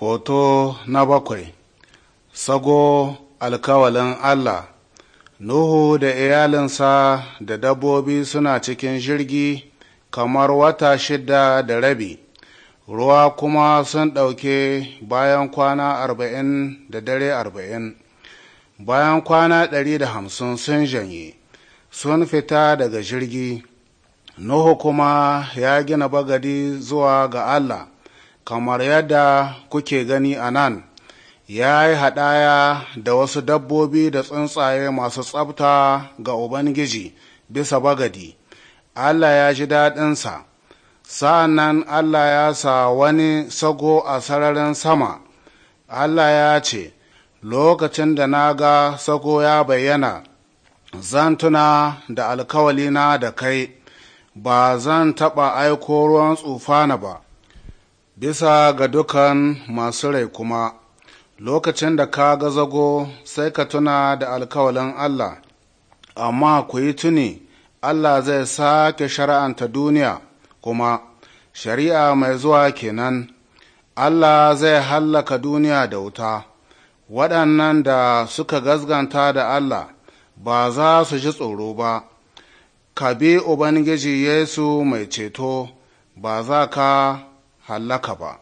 Foto na bakwai Sago alkawalin Allah Nuhu da iyalinsa da dabbobi suna cikin jirgi kamar wata shida da rabi, ruwa kuma sun ɗauke bayan kwana arba'in da dare arba'in, bayan kwana ɗari da hamsin sun janye, sun fita daga jirgi, Nuhu kuma ya gina bagadi zuwa ga Allah. kamar yadda kuke gani a nan ya yi haɗaya da wasu dabbobi da tsuntsaye masu tsabta ga ubangiji bisa bagadi allah ya ji daɗinsa sa'an allah ya sa wani sago a sararin sama allah ya ce lokacin da na ga sago ya bayyana zan tuna da alkawalina da kai ba zan taɓa aiko ruwan tsufana ba bisa ga dukan masu rai kuma lokacin da ka ga zago sai ka tuna da alkawalin Allah, amma ku yi tuni Allah zai sake shari'anta duniya kuma shari'a mai zuwa kenan, Allah zai hallaka duniya da wuta, waɗannan da suka gazganta da Allah ba za su ji tsoro ba, ka bi Ubangiji Yesu mai ceto ba za ka hallaka ba